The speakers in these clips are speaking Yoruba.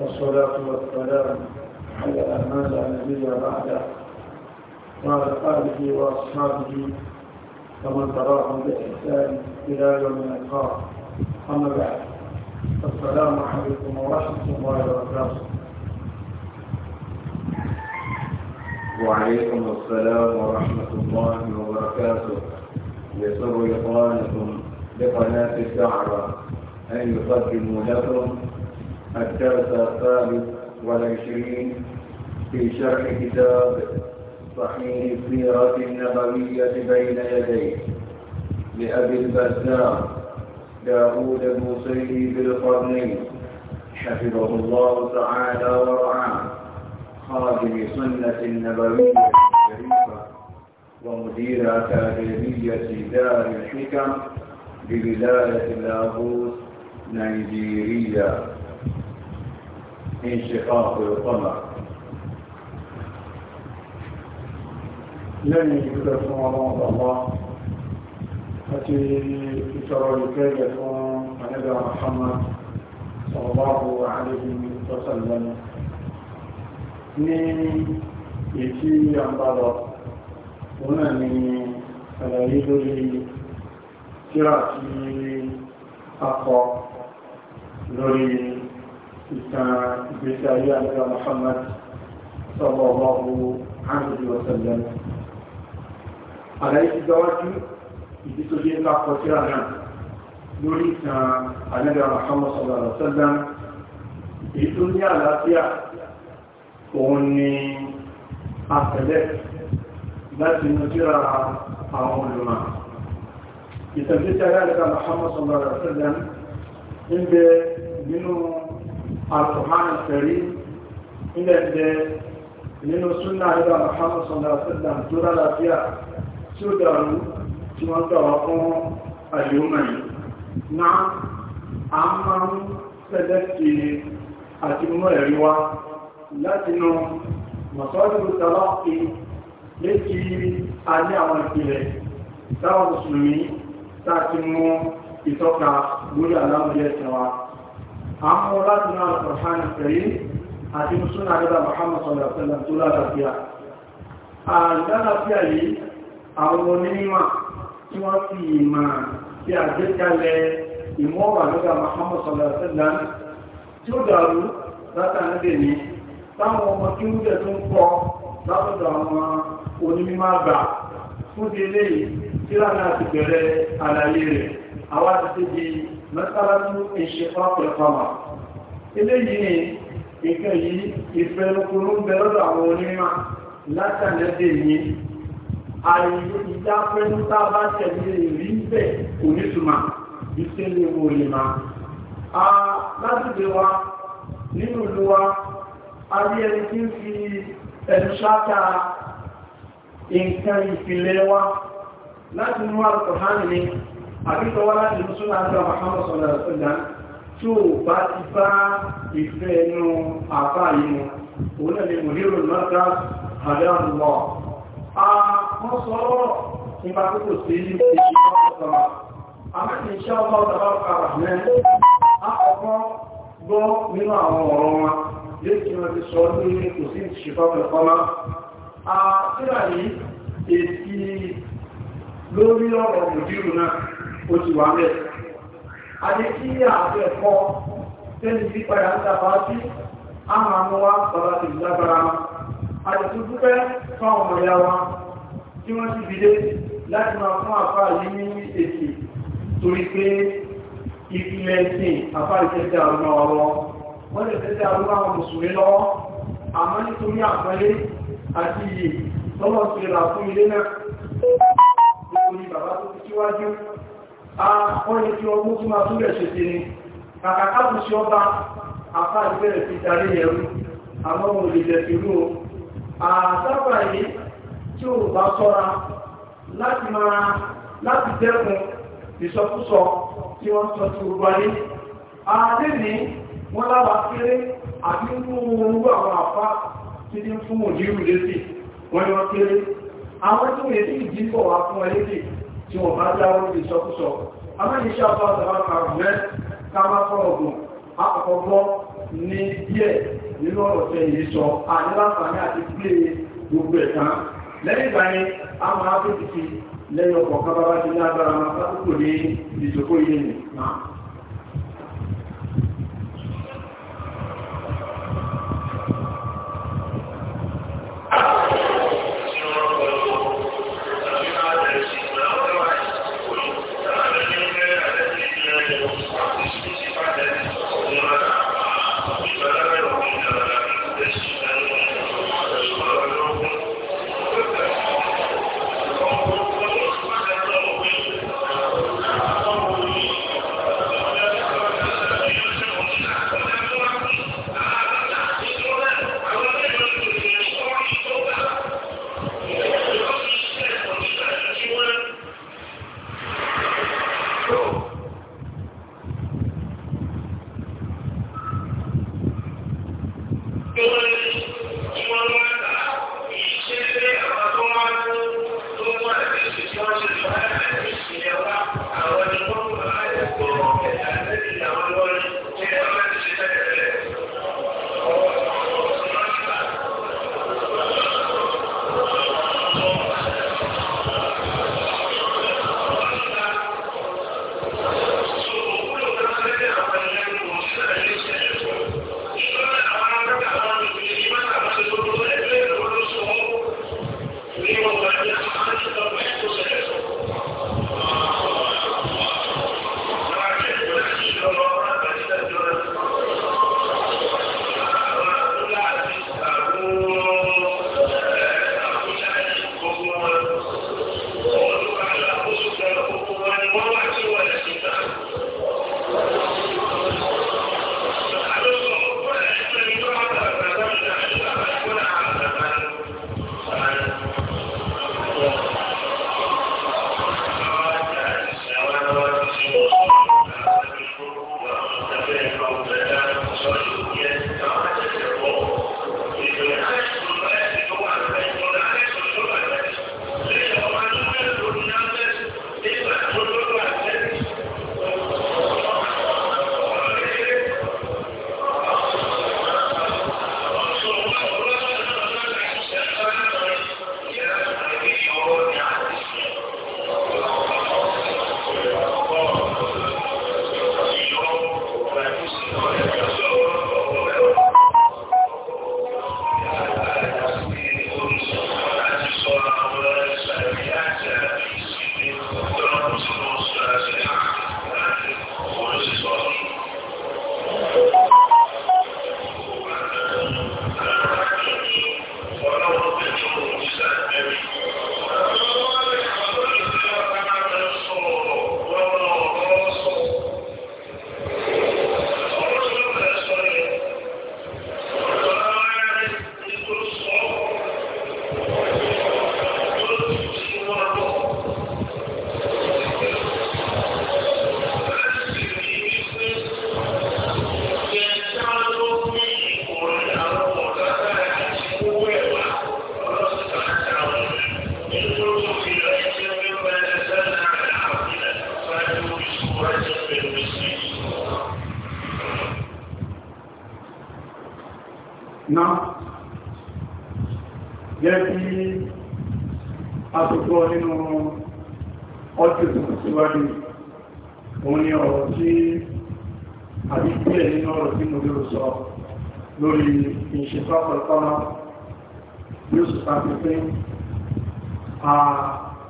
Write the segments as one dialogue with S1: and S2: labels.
S1: والصلاة والسلام على ماذا نبيا بعد وعلى آله وأصحابه ومن تراهم بإحسان إلى يوم اللقاء أما بعد السلام عليكم ورحمة الله وبركاته وعليكم السلام ورحمة الله وبركاته يسر إخوانكم بقناة الدعوة أن يقدموا لكم الدرس الثالث والعشرين في شرح كتاب صحيح السيرة النبوية بين يديه لأبي البزار داود الموصلي بالقرنين حفظه الله تعالى ورعاه خادم سنة النبوية الشريفة ومدير أكاديمية دار الحكم بولاية لاهوس نيجيريا انشقاق القمر لن يجب رسول الله التي ترى لكي ونبع محمد صلى الله عليه وسلم من ìtí àmbàlọ̀ òun náà ni àlàyé lórí tíra ìtàn ìgbésí ayé àlẹ́wà Muhammad sọ́bọ̀ ọlọ́run ángẹ́lì ọ̀sẹ̀lẹ̀ àlàyé ti gbáwájú ìdí tó dé ńlá kọtíra náà lórí ìtàn àlẹ́wà Muhammad sọ́bọ̀ ọ̀sẹ̀lẹ̀ èyí tó ní àlàáfíà òun ni àtẹ̀lẹ̀ láti nùjíra àwọn olùmọ̀ ìtàgbésí ayé àlẹ́wà Muhammad sọ́bọ̀ ọ̀sẹ̀lẹ̀ ń bẹ nínú alkùnrin kẹrí nílẹ̀ jẹ nínú súnà ìgbà Muhammad sallallahu alaihi wasallam tó lálàáfíà tí ó dàrú tí wọ́n dọ̀wọ́ fún àyíwọ́mọ̀ yìí na a máa ń tẹ́lẹ̀ sí àti mú ẹ̀rí wá látinú mọ̀sọ́lù tàbí létí a ní àwọn ìpìlẹ̀ táwọn mùsùlùmí tàbí mú ìtọ́ka lórí àwọn ọmọ láti náà lọ́pàá pẹ̀lú àti mùsùlùmí àríwá Muhammad sallallahu alaihi wasallam tó lálàáfíà àlàáfíà yìí àwọn onímọ̀ tí wọ́n fi ìmọ̀ sí àgbékalẹ̀ ìmọ̀wà lọ́gbà Muhammad sallallahu alaihi wasallam tí ó dàrú látàrídè ní táwọn ọmọ kí ó jẹ́ tó ń pọ̀ látọ̀dọ̀ àwọn onímọ̀ àgbà fún délé mẹ́sàlátú ìṣẹ́fàpẹ̀ fama eléyìí nǹkan yìí ìfẹ́lúkúrú ń bẹ̀rẹ̀ àwọn onímọ̀ látàlẹ́dẹ̀ ní àìyí ìdáfẹ́lúta bá tẹ̀lé rí bẹ́ẹ̀ onítùmá ìṣẹ́lẹ̀ olèmá a látìdé wa nínú ìlú wa a rí ẹni tí ń láti mú àlùkò hánì ní àbíkọ wá láti mú súnà àti àbáhámọ́ sọ̀rọ̀ ẹ̀sọ́dá tí ó bá ti bá ìfẹ́ ẹnu àbá yìí mu òun náà ni mòlérò lọ́dá àdáàmùlọ́ àwọn sọ̀rọ̀ nípa púpọ̀ sí ilé ìṣẹ́lọ́pọ̀ àmọ́ ìṣẹ́lọ́pọ̀ tàbátà rẹ̀ àkọ́kọ́ gbọ́ nínú àwọn ọ̀rọ̀ wọn yóò kí wọ́n ti sọ ní kò sí ìṣẹ́lọ́pọ̀ lórí ọ̀rọ̀ mòdírù náà ó ti wà mẹ́. Adé kí àfẹ́ kọ́ tẹ́lẹ̀ sí padà ń dàbá sí àmà mú wá bàbá ti lágbára wọn. Adé tó dúpẹ́ fáwọn ọmọ ìyá wa tí wọ́n ti dìde láti máa fún àfá yìí ní èsì torí pé ìpìlẹ̀ ìsìn àfá ìfẹ́sẹ̀ àrùn náà lọ. Wọ́n lè fẹ́sẹ̀ àrùn àwọn mùsùlùmí lọ́wọ́ àmọ́ nítorí àpẹẹlẹ àti iyì tọ́lọ́ sí ra fún ilé náà. Nítorí bàbá Ah, wọ́n ní kí ọmọ tó máa túnbẹ̀ ṣe ti ni kàkà káàkù sí ọba afá ìbẹ̀rẹ̀ ti darí ẹ̀rú àwọn ọmọ olùdẹ̀ ìlú àtàkùn àyè tí ó bá sọ́ra láti máa láti dẹ́kun ìsọkúsọ tí wọ́n sọ ti gbogbo ayé àdéhìí wọ́n lábàá kéré àti nínú orúgbó àwọn àfá tí ní fún òjì ìrù lé sí wọ́n yọ kéré àwọn tí wọ́n yẹ tí wọ́n bá jáwọ́ lè sọkúsọ amáyíṣẹ́ àbáṣàbá kàrùn-ún káwá fọ́ọ̀gùn àkọ́kọ́ ní díẹ̀ nínú ọ̀rọ̀ tẹ́ yìí sọ àníláǹfààní àti pílé a ti ní agbára máa sábúkò ní ìsòkó ilé nìyí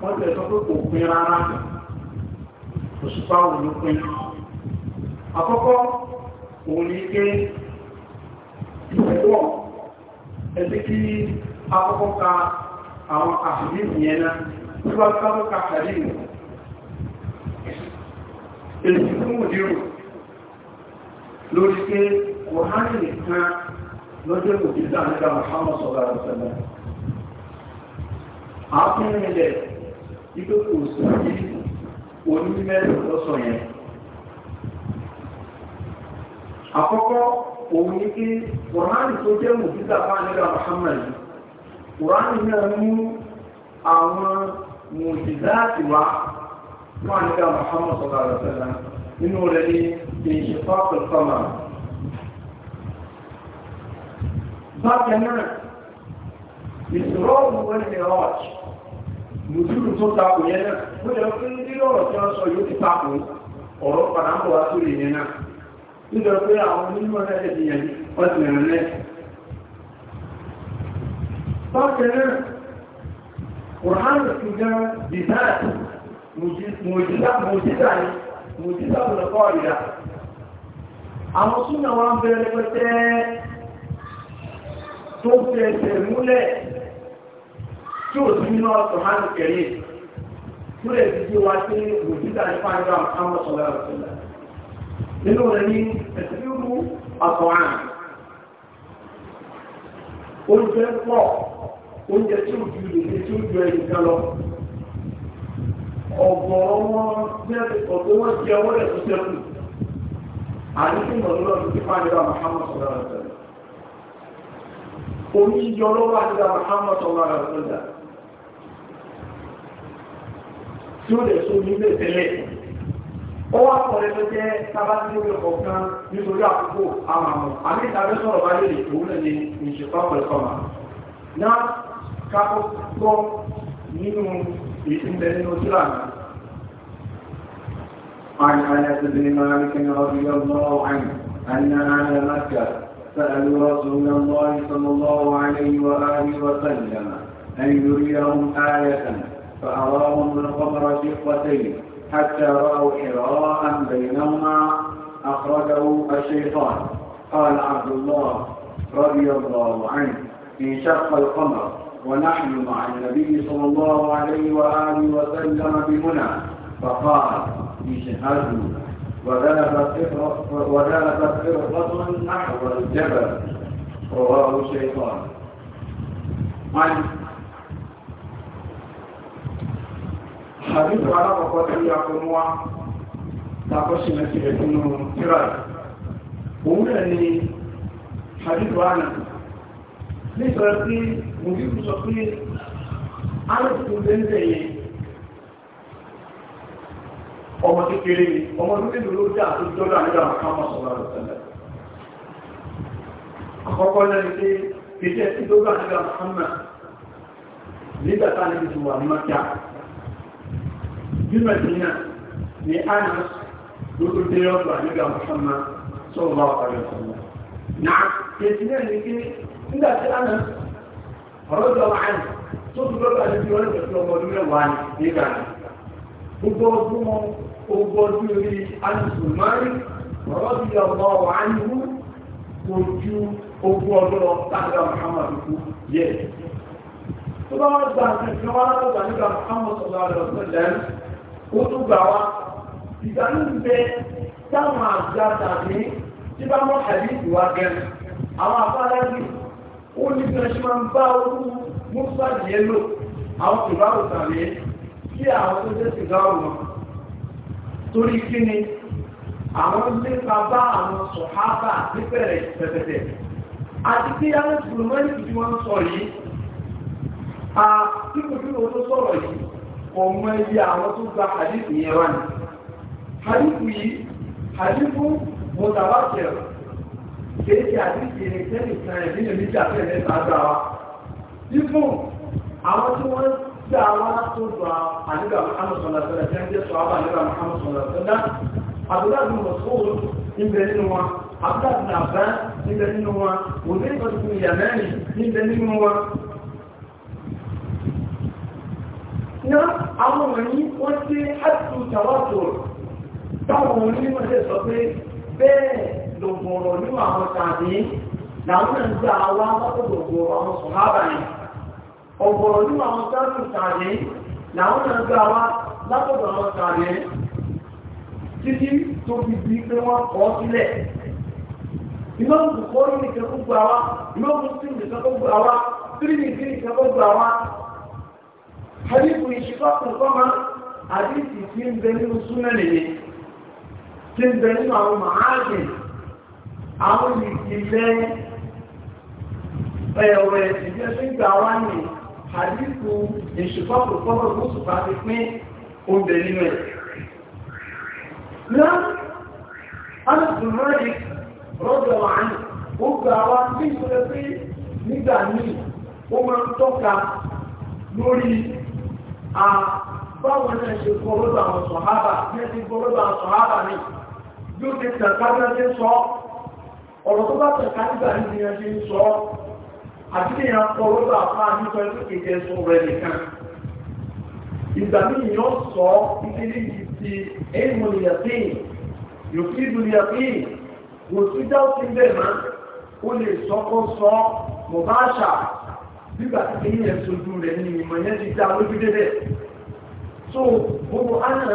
S1: wọ́n tẹ̀ sọ pé kò pin rárá òṣùpá wò ló pin àkọ́kọ́ òun ní pé ìfẹ̀wọ̀ ẹ̀sẹ̀ kí akọ́kọ́ ka àwọn àṣìlì ìyẹn náà tí wọ́n káwọ́ ka àṣìlì ìwọ̀n èsì fún òdírò lórí pé kòhánì nìkan lọ́jọ́ òdírò àníkà Muhammad sallallahu alaihi àkúnrinlẹ̀ ipé kò sí onímẹ́rin lọ́sọ̀ yẹn àkọ́kọ́ òun ní kí kùránì tó jẹ́ mùsíta fáànílà Muhammad kùránì náà mú àwọn mùsíláàtì wá fáànílà Muhammad sọ̀rọ̀ àrẹ̀sẹ̀lá nínú rẹ̀ ní ìṣẹ̀fà bákan náà ìṣòro òun wọ́n ni mùsùlùmí tó takò yẹn náà mo jẹ́ pé nínú ọ̀rọ̀ tí wọ́n sọ yóò ti takò ọ̀rọ̀ padà ń bọ̀ wá sórí yẹn náà nítorí pé àwọn onímọ̀ náà ti yẹn wọ́n ti rìn rẹ̀. bákan náà kùránù ti gan bìtáàtì mùjísà mùjísà ni mùjísà lọ́kọ́ ìyá àwọn súnà wọn bẹ̀rẹ̀ pẹ̀tẹ́ tó fẹsẹ̀ múlẹ̀ tí ò sí nínú ọ̀sán hàn kẹ̀lé tó lè fi dé wa sí òjúdà ní fáńdà àwọn sọ̀rọ̀ àṣẹlẹ̀ nínú rẹ̀ ní ẹ̀sìnkú ọ̀sán hàn oúnjẹ pọ̀ oúnjẹ tí ó ju lè tí ó ju ẹ̀yìn kan lọ ọ̀gọ̀rọ̀ wọn jẹ́ ọ̀tọ̀ wọn jẹ́ ọwọ́ rẹ̀ tó sẹ́kù àdúgbò ìmọ̀lọ́lọ́ ti fi fáńdà Muhammad sọ̀rọ̀ àṣẹlẹ̀ omi sọ̀rọ̀ àṣẹlẹ̀ tí ó lè sún nílé tẹ́lẹ̀ ó wá pọ̀ lẹ́nu jẹ́ sábà tí ó lè kọ̀ kan nítorí àkókò àwọn àmọ́ àmì ìtàgé sọ̀rọ̀ bá lè lè òun náà ní ìṣèpá pẹ̀lúkọ̀mà náà kápọ̀ gbọ́ nínú ìpínlẹ̀ رسول الله صلى الله عليه واله وسلم ان يريهم ايه فأراهم القمر شقتين حتى رأوا حراء بينهما أخرجه الشيطان قال عبد الله رضي الله عنه انشق القمر ونحن مع النبي صلى الله عليه وآله وسلم بمنى فقال اجهزوا وذهبت فرقة نحو الجبل رواه الشيطان عن hadith alákọ̀ọ́kọ́ tí a kò mú wá lákọ́sí mẹ́sì rẹ̀ nínú tíra òun rẹ̀ ni hadith wánà nítorí pé mo bí sọ pé alẹ́kùnkùn bẹ́ẹ̀ yẹn ọmọ kékeré ni ọmọ tó kéde ló dá àti jọ́dọ̀ àníjà àkàmọ̀ sọ̀rọ̀ rẹ̀ tẹ́lẹ̀ àkọ́kọ́ lẹ́ni pé kéde ẹ̀sìn tó dá àníjà àkàmọ̀ nígbà tá a níbi tí wà ní mọ́kíá bí mẹ́tìnà ní Anas lókè dé ọ̀dọ̀ àníga mọ́sánmá sọ́rọ̀ bá wà lọ́wọ́ sọ́rọ̀ na kejì náà ní kí nígbà tí Anas ọ̀rọ̀ jọ wà ní tó fi lọ́dọ̀ àti bí wọ́n lè fi ọmọ ọdún gbogbo ọdún mọ́ ogun ọdún yẹ tó bá wà gbà àti ìjọba látọ̀gbà nígbà Muhammadu sọ̀rọ̀ àlọ́ ó tún gbà wá ìdánù bẹ táwọn àgbà tàbí tí bá mọ́ àdìsí wa gẹ̀rù àwọn afárẹ́bí ó ní bí wọ́n ṣe máa ń bá orú mọ́sá yẹn lò àwọn ìbáwò tàbí kí àwọn tó jẹ́ sìgá ọ̀rọ̀ torí kí ni àwọn ilé bàbá àwọn sọ̀hábà nípẹ̀rẹ̀ pẹ̀pẹ̀pẹ̀ àti kí àwọn ìṣòro mẹ́rin tí wọ́n sọ yìí a tí kò tí ó tó sọ̀rọ̀ yìí kò mọ iye àwọn tó gba hadithu yẹn wá ní hadithu yìí hadithu mutawatir kìí ṣe hadithu yẹn tẹ́lẹ̀ kan ẹ̀mí lè méjì àfẹ́lẹ́ sáájú àwa dípò àwọn tí wọ́n gbà wá tó gba àníbà Muhammad sọ̀rọ̀ sọ̀rọ̀ tí wọ́n jẹ́ sọ àbá àníbà Muhammad sọ̀rọ̀ sọ̀rọ̀ àbúrò mọ̀sóòrò níbẹ̀ nínú wa àbúrò àbúrò àbá níbẹ̀ nínú wa òní ìtọ́jú ìyàmẹ́rin níbẹ̀ nínú wa ní àwọn òní wọ́n tí àtù tàwátò táwọn onímọ̀ lè sọ pé bẹ́ẹ̀ lògbòrò nínú àwọn tàbí làwọn náà ń gbà wá mọ́tò lògbòrò àwọn sọ̀hábà yìí ọ̀gbòrò nínú àwọn tàbí tàbí làwọn náà ń gbà wá látọ̀dọ̀ àwọn tàbí títí tó fi di pé wọ́n kọ́ sílẹ̀ ìmọ̀n kòkòrò nìkan gbogbo hadithu ìṣíkọ́kùn kọ́mọ hadithu tí ń bẹ nínú súnmọ́ nìyẹn tí ń bẹ nínú àwọn màájìn àwọn ìdílé ẹ̀wẹ̀ ìdílé tó ń gbà wá ní hadithu ìṣíkọ́kùn kọ́mọ lóṣù bá ti pín oúnjẹ nínú ẹ̀. nígbà míì, ó máa ń tọ́ka lórí a báwọn náà ṣe kọ́ lọ́dọ̀ àwọn sọ̀hábà ní ti kọ́ lọ́dọ̀ àwọn sọ̀hábà ní yóò ti tẹ̀ka bí wọ́n ti sọ ọ̀rọ̀ tó bá tẹ̀ka nígbà ní ni wọ́n ti ń sọ àti ní ìyàn kọ́ lọ́dọ̀ àpá nípa ẹgbẹ́ kejì ẹ̀sùn rẹ̀ nìkan ìgbà míì yóò sọ ìdílé yìí ti ẹ̀yìn mọ̀lẹ́yàtìn yóò fi ìdúlẹ̀yàtìn kò ó lè sọ́kọ́ bíbà tí ní ẹ̀sọ́jú rẹ̀ ní ìmọ̀ yẹn ti dá lójú débẹ̀ so gbogbo ana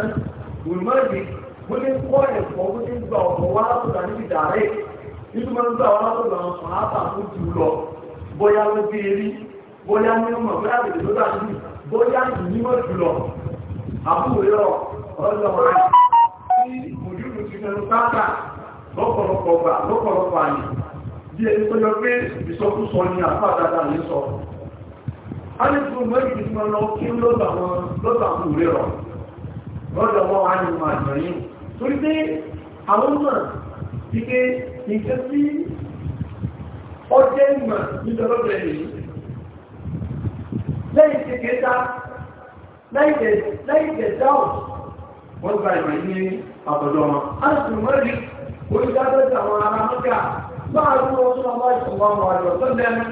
S1: wùmọ́dì bó ní kọ́ ẹ̀kọ́ bó ní gba ọ̀pọ̀ wá látọ̀dà níbi dàrẹ́ nínú máa ń gbà wá látọ̀dà àwọn sọ̀rọ̀ àbà tó jù lọ bóyá ló dé e rí bóyá ní ọmọ bóyá lè ló dà sí bóyá ìnímọ̀ jù lọ àbúrò ọlọ́run tí mòjúlù ti fẹnu káàkà lọ́pọ̀lọpọ̀ gbà lọ́pọ̀lọpọ̀ àyè bí ẹni tó yọ pé ìsọkúsọ ni àpá àdáta yìí sọ alẹ́kùn méjì tí wọ́n lọ kí lọ́dọ̀ àwọn lọ́dọ̀ àwọn òwe rọ̀ lọ́dọ̀ wọn wà nínú àjọ yìí torí pé àwọn náà ti pé nǹkan tí ọjẹ́ ìmọ̀ nítorọ́bẹ̀ yìí lẹ́yìn ti kẹta lẹ́yìn tẹ̀dá wọ́n gba ìmọ̀ ní àbọ̀dọ̀ wọn alẹ́kùn méjì oríṣiríṣi àwọn ará mọ́gà máa rú ọdún ọmọ ìṣọ̀wọ́ àwọn àjọ tó lẹ́nu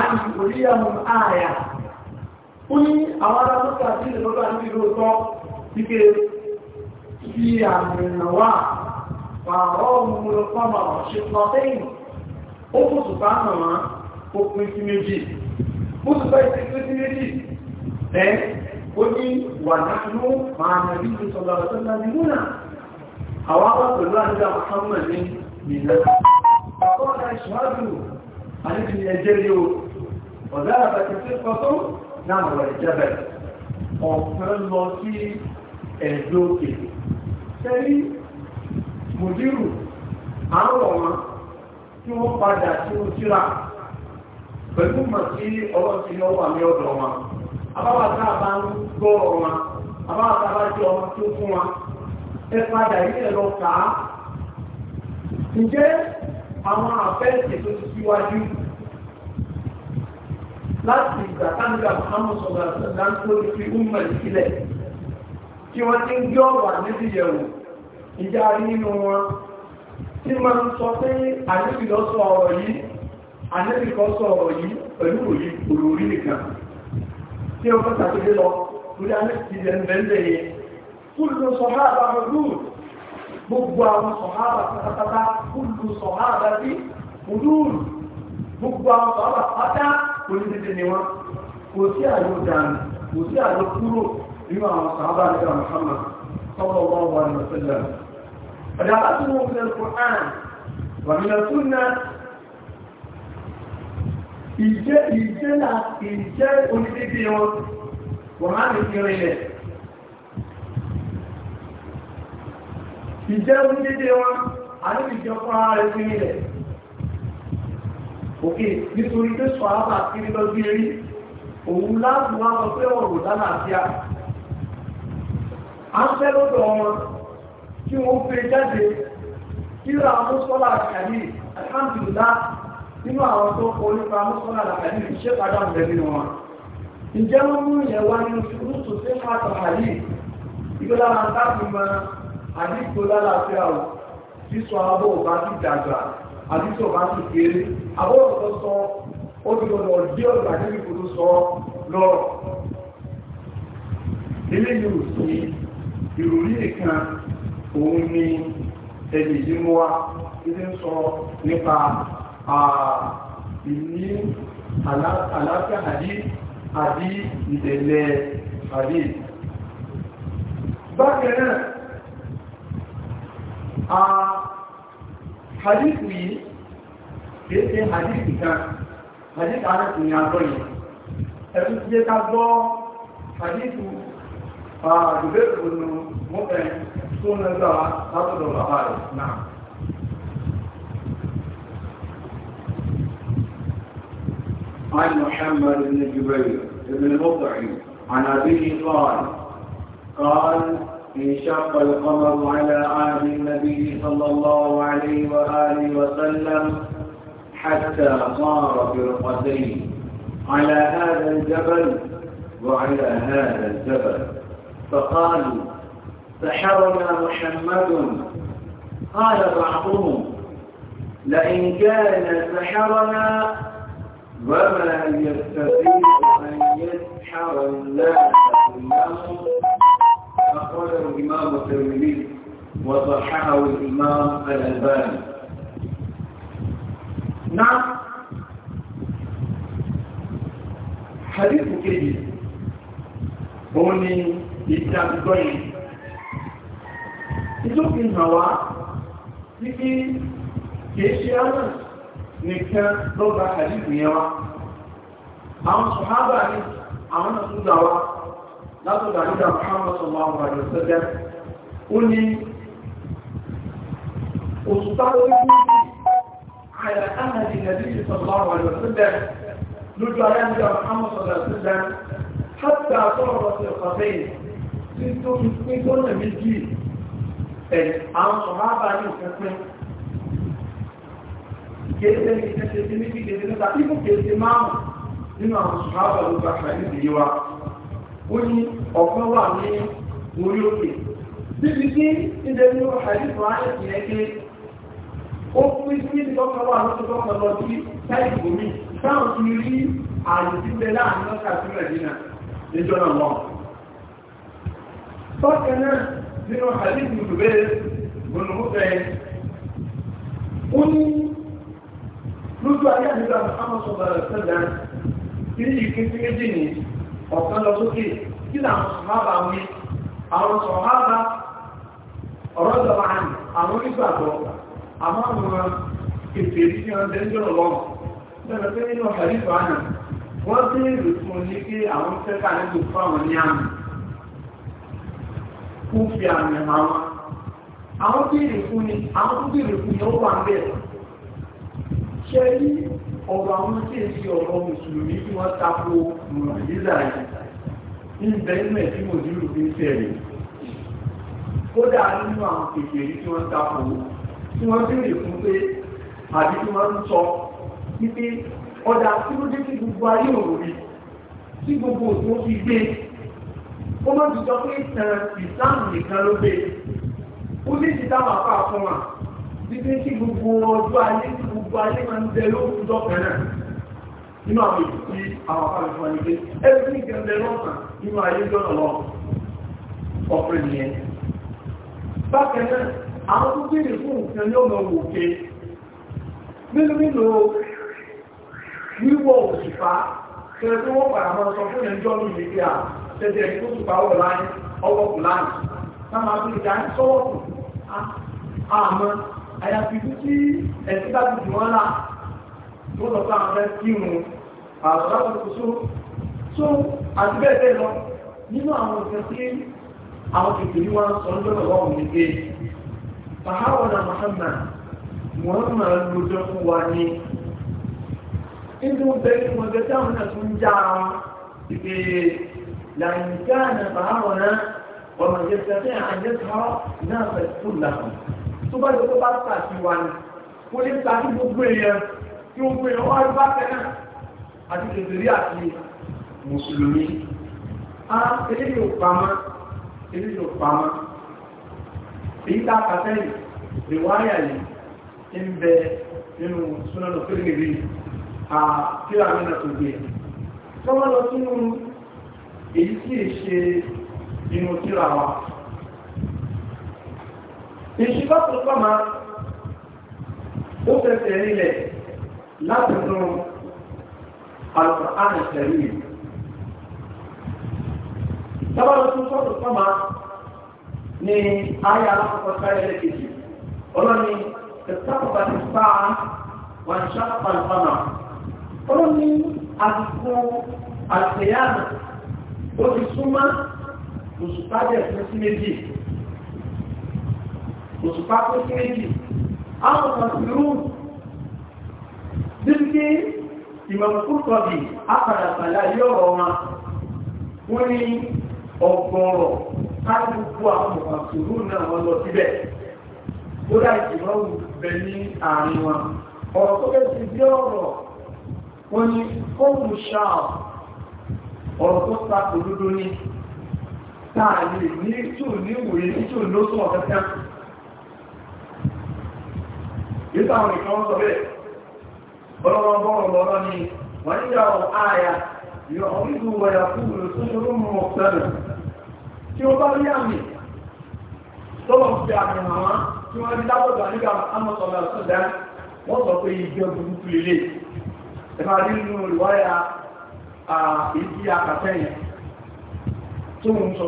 S1: àti òríyàmù ààyà ó ní àwọn arábọ́sí àti ìrìnlọ́gbà ní ìlú ọ̀tọ́ wípé kí àmì ìrànwà pààrọ̀ ọmọ ọmọ ṣe pọ̀ sẹ́yìn ó kò tù bá hàn wá ó pín sí méjì ó tù bá ìsìn pín sí méjì ẹ́ ó ní wà nánú máa nàbí ní sọ̀rọ̀ ọ̀tọ́ náà ní múnà àwọn àwọn pẹ̀lú àdúrà Muhammad ní nìlẹ̀ ọ̀tọ́ ọ̀dà ìṣòwádùn àti ìjẹ́lẹ̀ ọ̀dà àbàtẹ̀sẹ̀ pọ̀ tó náà wọ̀ ìjẹ́bẹ̀ ọ̀fẹ́ lọ sí ẹ̀dọ́ òkè sẹ́rí mùdírù àwọn ọmọ tí wọ́n padà tí ó síra pẹ̀lú mọ̀ sí ọlọ́sí lọ́wọ́ àmì ọ̀dọ̀ wọn abáwátá bá ń gbọ́ ọ̀rọ̀ abáwátá bá jẹ́ ọmọ tó fún wa ẹ padà ilé ẹ̀rọ kàá ǹjẹ́ àwọn àfẹ́ẹ̀sì tó ti síwájú láti ìgbà táǹkà Muhammad sọ̀rọ̀ àtàdá tó ti fi umar sílẹ̀ tí wọ́n ti ń gbé ọ̀wà níbi yẹ̀wò ìjà rí nínú wọn tí ma ń sọ pé àníbì lọ sọ ọ̀rọ̀ yìí àníbì kọ́ sọ ọ̀rọ̀ yìí pẹ̀lú òyìn olórí nìkan tí ó fẹ́ tàbí lọ lórí àníbì ilẹ̀ mẹ́lẹ̀ yẹn kúlù sọ̀háàbà ọdún gbogbo àwọn sọ̀háàbà pátápátá kúlù sọ̀háàbà sí ọdún gbogbo àwọn sọ̀háàbà pátá onídéédé ni wọ́n kò sí àlò dànù kò sí àlò kúrò nínú àwọn sàábà nígbà Muhammad sọ́wọ́ wọn wà ní ọ̀sẹ̀lẹ̀ ọ̀dà láti mú ọ̀sẹ̀ Quran wà ní ọ̀sùn náà ìjẹ́ ìjẹ́ náà ìjẹ́ onídéédé wọn wọ́n á lè fi rinlẹ̀ ìjẹ́ onídéédé òkè nítorí pé sọ àbá kiri lọ bí erí òun láti wá sọ pé ọ̀rọ̀ dáná àti à á ń fẹ́ lọ́dọ̀ wọn kí wọ́n fẹ́ jáde kíra mọ́sọ́lá àkàlì alhamdulilá nínú àwọn tó kọ nípa mọ́sọ́lá àkàlì ṣé padà ń bẹ̀rẹ̀ wọn ǹjẹ́ wọ́n mú ìyẹn wá nínú ṣùgbọ́n sí pàtàkì àkàlì ìgbọ́lá máa ń dábìí àdígbò lálàáfíà ò sísọ abọ́ ò bá ti dàgbà àbí tí o bá ti kéré àbọ̀rọ̀ tó sọ ó ti gbọdọ̀ dé ọ̀dọ̀ àdébí kò tó sọ lọ́rọ̀ ilé yóò sí ìròyìn nìkan òun ni ẹ̀yìn yìí mú wa ilé ń sọ nípa ìní àlàáfíà àdí àdí ìdẹ̀lẹ̀ àdí bákan náà hadith yìí kìí ṣe hadith kan hadith anas ni a gbọ́ yìí ẹ̀rù ti yẹ ká gbọ́ hadith àdùgbé ìrònú mọ́fẹ́ tó ń lọ́gbà látọ̀dọ̀ bàbá rẹ̀ náà عن محمد بن جبير بن المطعم عن أبيه قال قال انشق القمر على عهد النبي صلى الله عليه وآله وسلم حتى صار فرقتين على هذا الجبل وعلى هذا الجبل فقالوا سحرنا محمد قال بعضهم لئن كان سحرنا وما يستطيع أن يسحر الله كلهم أخرج الإمام الترمذي وصححه الإمام الألباني نعم حديث كبير بوني بالتنبيه يجب ان هو في كيشي انس نكا ضد حديث يوا عن صحابه عليه عن رسول الله látọ̀dà nígbà Muhammad sallallahu alaihi wasallam ó ní òṣùpá lórí àyà áhàdì nàbí sallallahu alaihi wasallam lójú ayé nígbà Muhammad sallallahu alaihi wasallam hátà sọ̀rọ̀ sí ọ̀kọ̀fẹ́ tí tó fi pín gómìnà méjì ẹ̀ àwọn sọ̀rọ̀ àbáyé òkẹ́kẹ́ kéde ní ìtẹ́sẹ̀ sí méjì kéde níta ibùkéde márùn-ún nínú àwọn sọ̀rọ̀ àbáyé òkẹ́kẹ́ ó ní ọ̀kan wà ní orí òkè bíbi tí ilẹ̀ ní àìsàn àìsàn yẹn kéré ó pín sí ní ọ̀kan wà lóṣù tọ́kan lọ sí táìpù mi táwọn ti rí àìsílẹ̀ láàrin lọ́kà sí nàìjíríà níjọ́ náà wọ́n. tọ́kẹ̀ náà nínú àìsàn ìdùbẹ́ gbọ̀nùmọ́fẹ́ ó ní lójú ayé àdúrà mọ́ sọ́dọ̀ sẹ́dá kí ní ìpín méjì nìyí ọ̀kan lọ sókè kí náà sọ̀hábà wí àwọn sọ̀hábà ọ̀rọ̀ ìjọba àmì àwọn onígbàgbọ́ àmọ́ àwọn ètò èdè ní ọdẹ ń jọrọ lọ́wọ́ lẹ́nu pé nínú ọ̀kàlífà àná wọ́n dé èrò fún un ní pé àwọn fẹ́ka nígbò fún àwọn ní àmì kú ni àwọn tó béèrè ni ó wà ń bẹ̀ ṣe yí ọ̀rọ̀ àwọn tí èsì ọ̀rọ̀ mùsùlùmí tí wọ́n tapo mùsùlùmí ní bẹ́ẹ̀mẹ̀ tí mo dúró fi ń tẹ̀lé kódà nínú àwọn kékeré tí wọ́n tapo tí wọ́n béèrè fún pé àbí tí wọ́n ń sọ wípé ọ̀dà tí ó dé sí gbogbo ayé òun rí tí gbogbo òtún fi gbé ó má ti sọ pé ìtàn ìsáàmù nìkan ló gbé ó ní ti táwọn afáàfún wa wípé tí gbogbo ọjọ́ ayé ti gbogbo ayé máa ń bẹ lóòkú dọ́kàn náà nínú àwọn èdè tí àwọn afárẹ̀ fún ẹni pé ẹbí ní kẹfẹ́ lọ́sàn nínú ayé lọ́nà lọ ọ̀pẹ́ nìyẹn bákan náà àwọn tó bèèrè fún nǹkan ní ọmọ òkè nínú nínú wíwọ̀ òṣùpá tẹ́lẹ̀ tí wọ́n padà máa sọ fún ẹjọ́ ní ìlú pé à tẹ́lẹ̀ tó ṣùpá wọ̀ láyé ọwọ́ kù láyé táwọn àti ìdáyé sọ́wọ́ kù àmọ́ àyàfi tí tí ẹ̀sìn bá ti jù wọ́n là tó lọ bá àwọn fẹ́ kí wọn àwọn ọ̀rọ̀ tó so so àti bẹ́ẹ̀ bẹ́ẹ̀ lọ nínú àwọn òfin tí àwọn kìkìrí wọn sọ ń lọ́wọ́ wọn ní pé fàháwọ̀nà Muhammad Muhammad ló jọ fún wa ní inú bẹ́ẹ̀ wọn gẹ́gẹ́ àwọn náà tún já ìpè لأن كان فرعون ومن يستطيع أن يظهر نافذ كلهم tó bá lọ tó bá tà sí wa ni wọ́n lè ta sí gbogbo èèyàn tí ó ń pè wọ́n wá bá tẹ́lá àti kèfèrí àti mùsùlùmí a eléyìí ò pamọ́ eléyìí ò pamọ́ èyí tá a kà sẹ́yìn lè wáyà yìí ń bẹ nínú súnánà fẹ́lẹ̀rí àkíra mẹ́ta tó gbé tọ́wọ́ lọ sínú èyí tí è ṣe inú tíra wa ìṣíbàtò kọ́mà ó fẹsẹ̀ nílẹ̀ láti tún alùpàánì tẹ̀lé yìí. sábàlù tún sọ́tò kọ́mà ní ayé alákọ̀ọ́kọ́ sáré lẹ́kẹ̀jì ọlọ́ni ìtàkùnkà ti pa wọn ṣàkóso alùpàánà ọlọ́ni àdìkú àtẹ̀yàmù ó ti súnmọ́ lùsùpájẹ̀ fún sí méjì òṣùpá tó sí méjì àwọn kan sí rú dídí ìmọ̀kútọ̀bì apàdàpàdà yóò rọ̀ wọn wọ́n ní ọgọ́rọ̀ káàkùkù àwọn mọ̀kàtúrú náà wọ́n lọ síbẹ̀ ó dá ìtìmọ̀ ní àárín ní fóònù tí ò ní ìwòye tí ò nígbà àwọn ìkan wọ́n sọ bẹ́ẹ̀ bọ́lọ́wọ́ ni wọ́n ń yà ọ̀ ààyà yọ ìlú wọ̀yà fún ìrọ̀sọ́sọ́rọ̀ mọ̀ sẹ́nà tí ó bá rí àmì tọ́lọ̀ fi àmì màmá tí wọ́n rí lábọ̀dọ̀ nígbà amọ̀sọ̀lá sọ̀dá wọ́n sọ pé ìjọ burúkú lélẹ̀ ẹ̀fà nínú ìwáyà ìdí akàtẹ́yìn tó ń sọ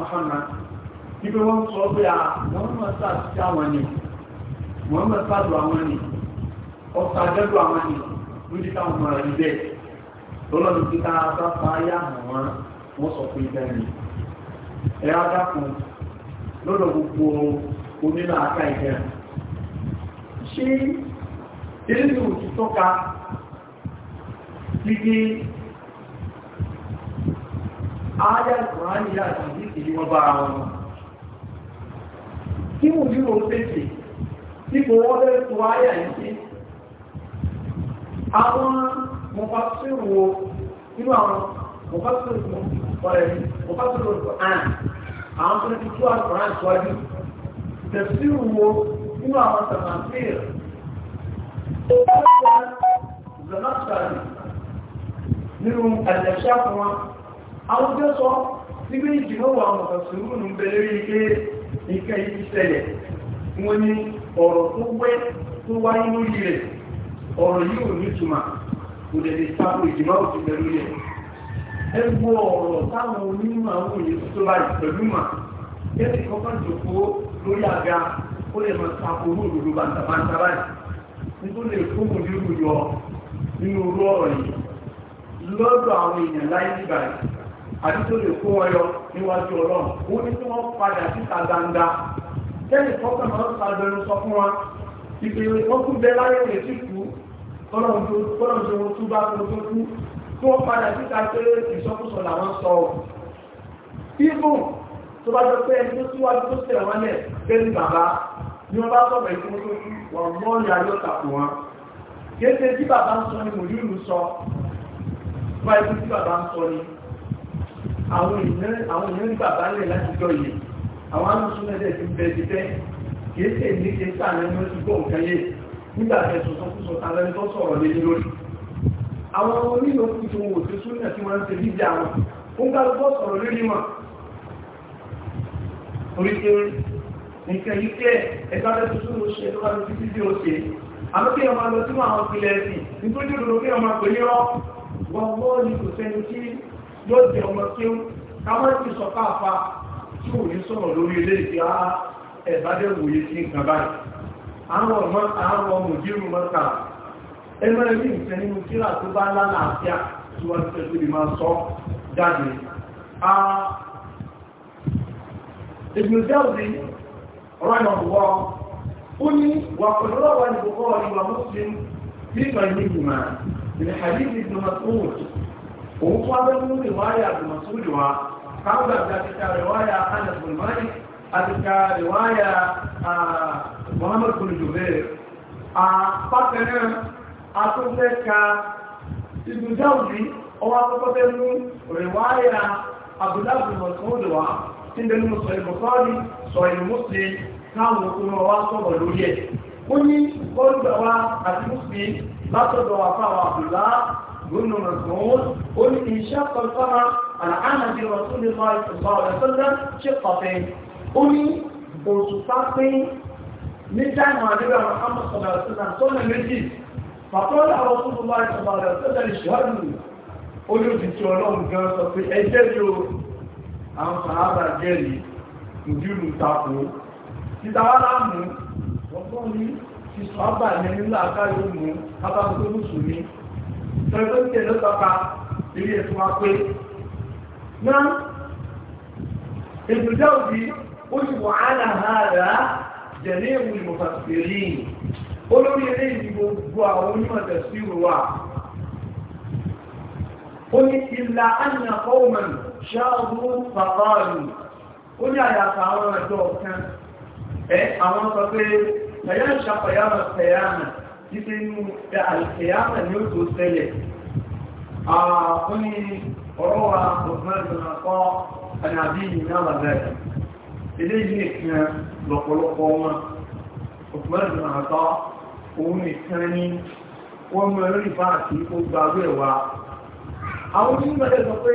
S1: Muhammad níbi wọ́n sọ pé àà Muhammad Sars sí Muhammad Sars àwọn ni ọ̀sà jẹ́dù àwọn ni níbi káwọn mọ̀ra ní bẹ́ẹ̀ lọ́lọ́dù tí ká bá fa ayá àwọn wọ́n sọ pé ìgbà ni ẹ á dákun lọ́dọ̀ gbogbo onílà aká ìgbà ṣé èyí ò ti tọ́ka títí ayá ìkùnrin àti ìdíkì ni wọ́n bá ara wọn tí mo ní mo tètè tí mo wọ́n lè tó ayà yìí sí àwọn mo bá sírò wo nínú àwọn mo bá sírò wo ọ̀rẹ́ mi mo bá sírò wo àn àwọn tó ti tú àkùrá àtúwájú tẹ̀sírò wo nínú àwọn tẹ̀síìr ọ̀pọ̀lọpọ̀ zanatari nínú àwọn tó ike yìí ṣẹlẹ̀ wọ́n ní ọ̀rọ̀ tó wẹ́ tó wáyé lórí rẹ̀ ọ̀rọ̀ yìí ní ìtumà kò lè lè sáfò ìjìmá òtún pẹ̀lú rẹ̀ ẹ ọ̀rọ̀ táwọn onímọ̀ àwọn tó bá pẹ̀lú mà jòkó lórí àga ó lè ní òdòdó báyìí lè àti tó lè kó wọn yọ níwájú ọlọ́run ó ní kí wọ́n padà síta gbangba lẹ́yìn tọ́kàn máa ń sàbẹ̀rù sọ fún wa ìpè wọ́n kú bẹ láyé rẹ̀ sí kú kọ́lọ́run tó wọn tú bá tó tó kú kí wọ́n padà síta pé ìsọkúsọ làwọn sọ ọ́ ibo tó bá jọ pé ẹni tó síwájú tó tẹ̀ wọ́n lẹ̀ pẹ̀lú bàbá ni wọ́n bá sọ̀rọ̀ ìfún tó kú wọ́n mọ́ ìyá yóò tàkù wọn kéde tí bàbá ń sọ ni mòlúùlù àwọn èèyàn ní bàbá lẹ̀ láti jọ yìí àwọn amúsúnlẹ̀dẹ̀ ti bẹ̀ ti tẹ́ kìí tẹ̀ ní ṣe sáàlẹ̀ ní oṣù gbọ́ nǹkan yé nígbà tẹ̀sùn tó kúsọ alẹ́ tó sọ̀rọ̀ lé lórí àwọn onílò kú tó wò tí súnlẹ̀ tí wọ́n ń ṣe níbi àwọn ó ń bá lọ́gbọ́ sọ̀rọ̀ lórí wọn orí pé nǹkan yìí tẹ́ ẹ̀ka tẹ́sùn tó lọ ṣe lọ́wọ́ títí títí ó ṣe àmọ́ kí ọmọ lọ sí àwọn ìpìlẹ̀ ẹ̀sìn nítorí òdòdó kí ọmọ pè ní ọ yóò di ọmọ tí ó káwọn ti sọ káàfà tí ò ní sọ̀rọ̀ lórí ilé ìgbé ah, á ẹ̀bádẹ́ wòye sí nǹkan báyìí àwọn ọmọ àwọn ọmọ òjírù mọ́ta ẹgbẹ́ ilé ìfẹ́ nínú kíra tó bá lánà tí wọ́n ti tẹ́tù lè máa sọ jáde ìgbìyànjẹ́ ọ̀rọ̀ ọ̀wọ́ ó ní wà pẹ̀lú ọ̀wọ́ ìgbòkọ́ òun tó abẹ́ mú ìwáyà àbùmọ̀súlù wa káwọn àgbà ti ka ìwáyà Anas bin Malik àti ka ìwáyà Muhammad bin Jubair àpapẹ̀rẹ̀ àtúnfẹ́ ka ibùdáwùdí ọwọ́ akọ́kọ́fẹ́ mú ìwáyà Abdullah bin Mas'ud wa tí ń dẹnu sọ ìbùkọ́lì sọ ìmúsì káwọn òkúrò wa sọ̀rọ̀ lórí ẹ̀ ó ní ó ń gbà wá àti músì látọ̀dọ̀ àfáwọn Abdullah بن مسعود قل إن شق الفرع عن عهد رسول الله صلى الله عليه وسلم شقتين قل وصفاتين مثل ما نبي محمد صلى الله عليه وسلم صلى المسجد فقال رسول الله صلى الله عليه وسلم اشهدوا قلوا بسيولهم كما صفي اجلوا àwọn sàábà jẹ́rì ìjúlù tako títàwà láàmù ọgbọ́n ní ti sàábà ní nílà akáyọ̀ mú abáwọn tó mùsùlùmí tọ́jọ́ tí ẹ̀lọ́ tọ́ka ilé ẹ̀sùn wa pé náà ìgbìjọ́ òbí ó sì wọ́n àlà àárá jẹ̀lé ìwù ìmọ̀fàṣẹ̀lì olórí ilé ìdìbò gbogbo àwọn onímọ̀tẹ̀ sí ó ní ìlà ànà kọ́ọ̀mọ̀n ṣáàbù pàpáàlù ó ní àyàfà àwọn ẹ̀jọ́ kan ẹ̀ àwọn sọ pé ẹ̀yà ìṣàpàyà títí inú àìsèyámẹ̀ ni ó tó ṣẹlẹ̀ ó ní ọ̀rọ̀ wa ọ̀sán ìgbìmọ̀ kọ́ ànàbí ìyìnà làbẹ̀rẹ̀ ilé yìí nìkan lọ̀pọ̀lọpọ̀ wọn ọ̀sán ìgbìmọ̀ kọ́ òun nìkan ní wọ́n mú ẹ̀rí fáàkì ó gbàgbé wa àwọn onímọ̀lẹ́ sọ pé